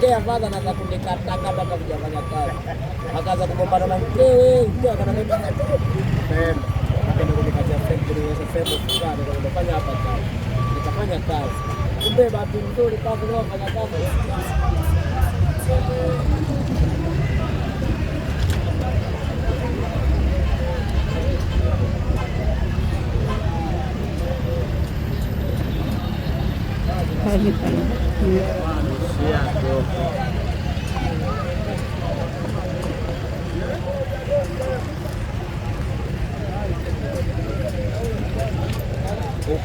kumtetea fadha, kunikata kama mpaka kujafanya kazi, akaanza kugombana na mkewe, mkewe Pema. akaenda kunikata kunikatia kuniweza sehemu fulani, kufanya hapa kazi, nikafanya kazi. Kumbe bahati nzuri kuwa nilofanya kazi Thank you.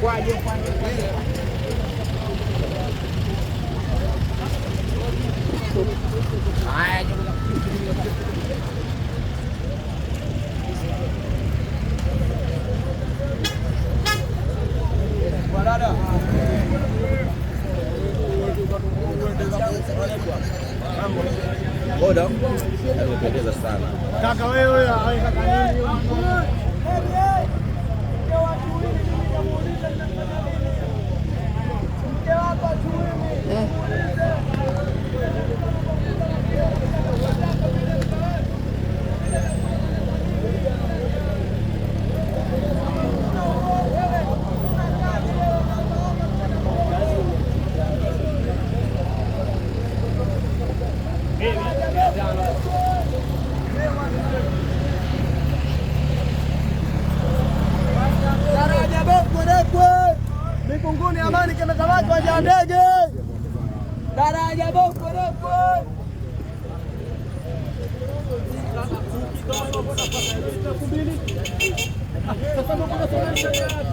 qua đi qua đi ai qua đó được bodaboda, alipendeza sana kaka wewe Ukwaji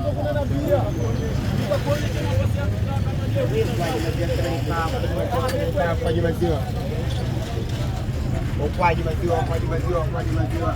maziwa, ukwaji maziwa, ukwaji maziwa,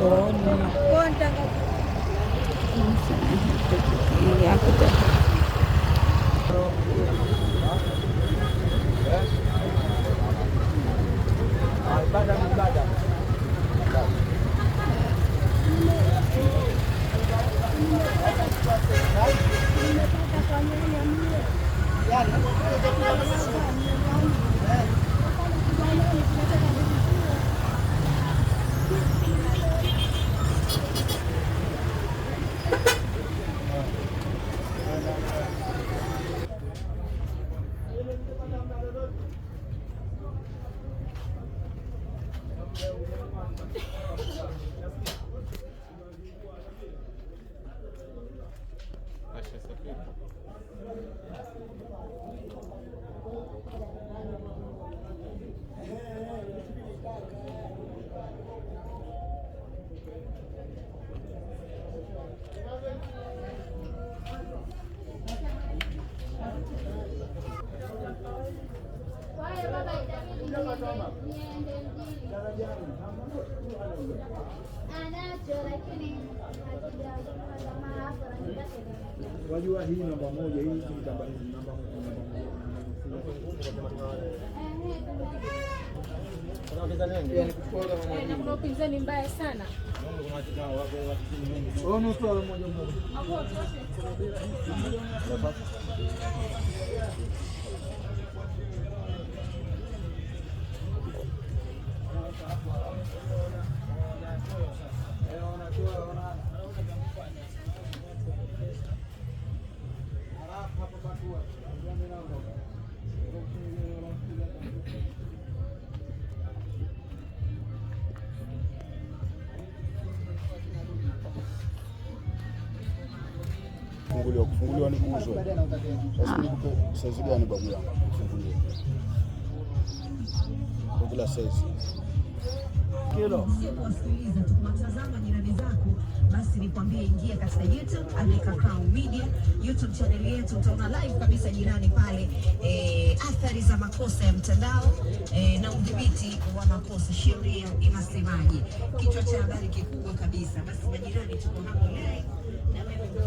Yun. Aku tuh. Wajua hii namba moja, hii namba namba moja. Upinzani mbaya sana moja kufunguliwa. Kufunguliwa ni kuuzwa. Sasa nikupe size gani babu yangu? Kufunguliwa kwa kila size kilo. Usiposikiliza tukutazama jirani zako, basi nikwambie, ingia katika YouTube, andika Crown Media YouTube channel yetu, utaona live kabisa jirani pale, e, athari za makosa ya mtandao e, na udhibiti wa makosa, sheria inasemaje? Kichwa cha habari kikubwa kabisa. Basi majirani, tuko hapo live na wewe ndio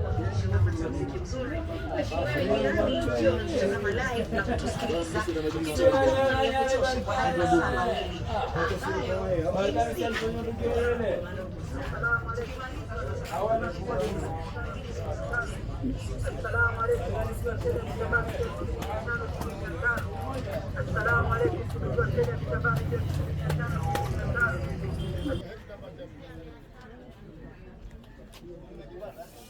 muziki mzuri, ndio kutazama live na kutusikiliza Thank you.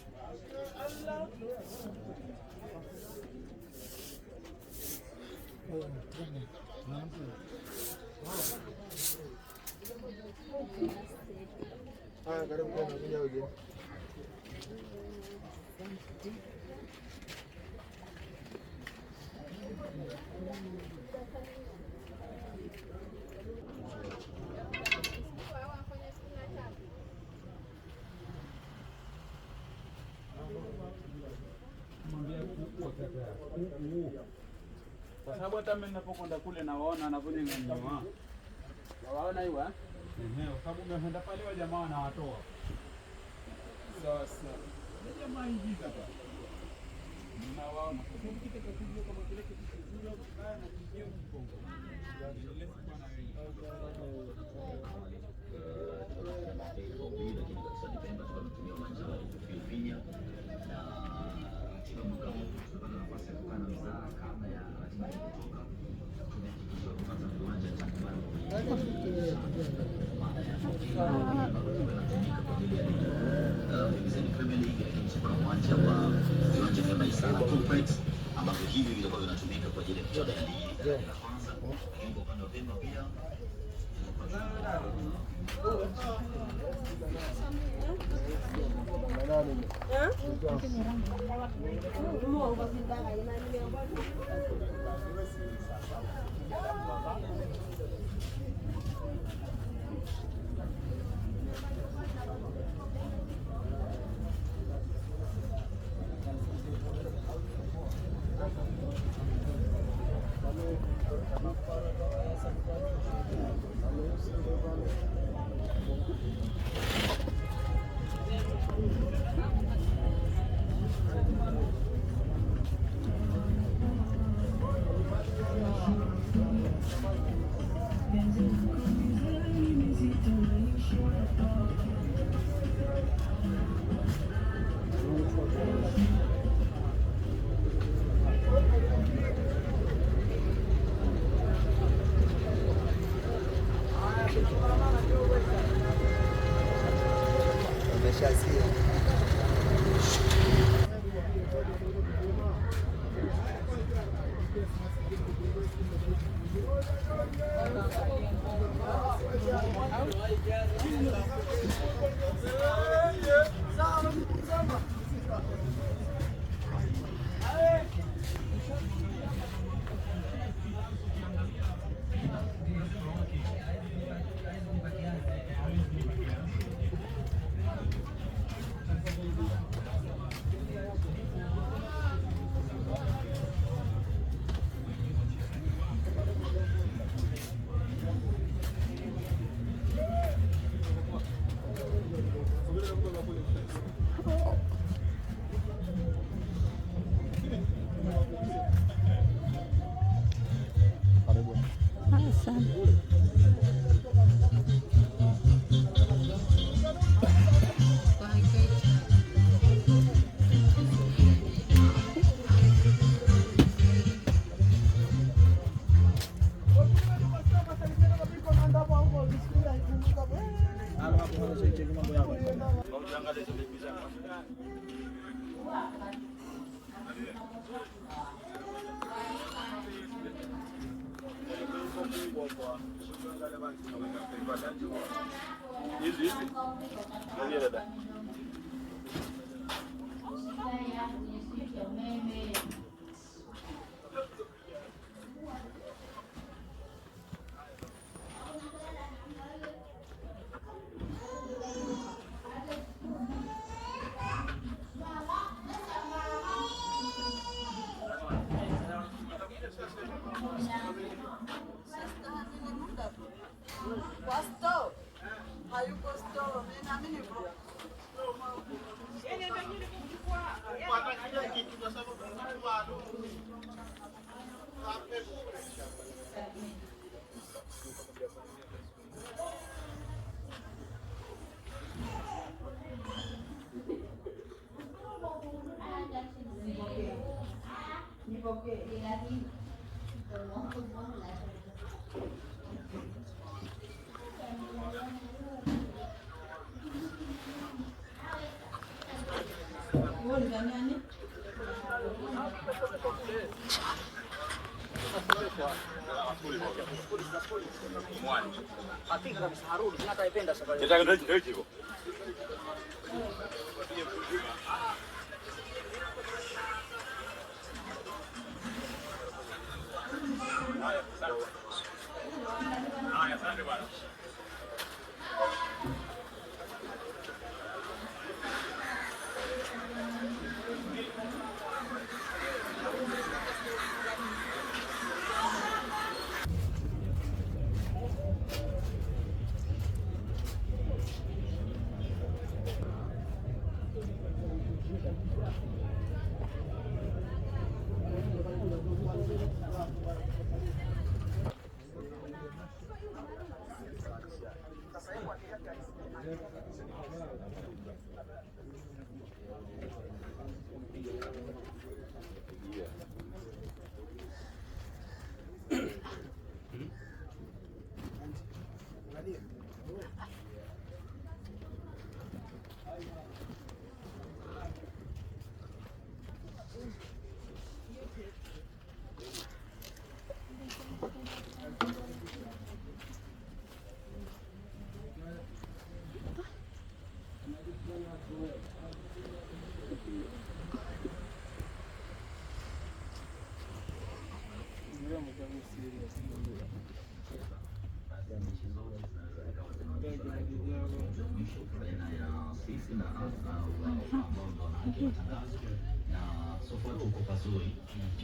kwa sababu hata mimi ninapokwenda kule nawaona wanavyonyang'anywa, nawaona hiyo eh, kwa sababu umeenda pale wa jamaa wanawatoa. sawa, ni jamaa hivi hapa nawaona, kujua kama kile na concrete ambavyo hivi vitakuwa vinatumika kwa ajili ya kuchora yale ile ya kwanza. Lakini kwa upande wa Pemba pia Jazira. Thank 三。Hizi hizi. Ngoja dada. Kitaka ndio hicho. Haya, asante bwana. Evet.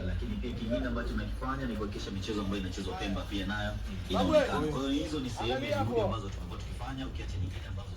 lakini pia kingine ambacho eh. nakifanya ni kuhakikisha michezo ambayo inachezwa Pemba pia nayo inaonekana. Kwa hiyo hizo ni sehemu ya juhudi ambazo tumekuwa tukifanya, ukiacha nyingine ambazo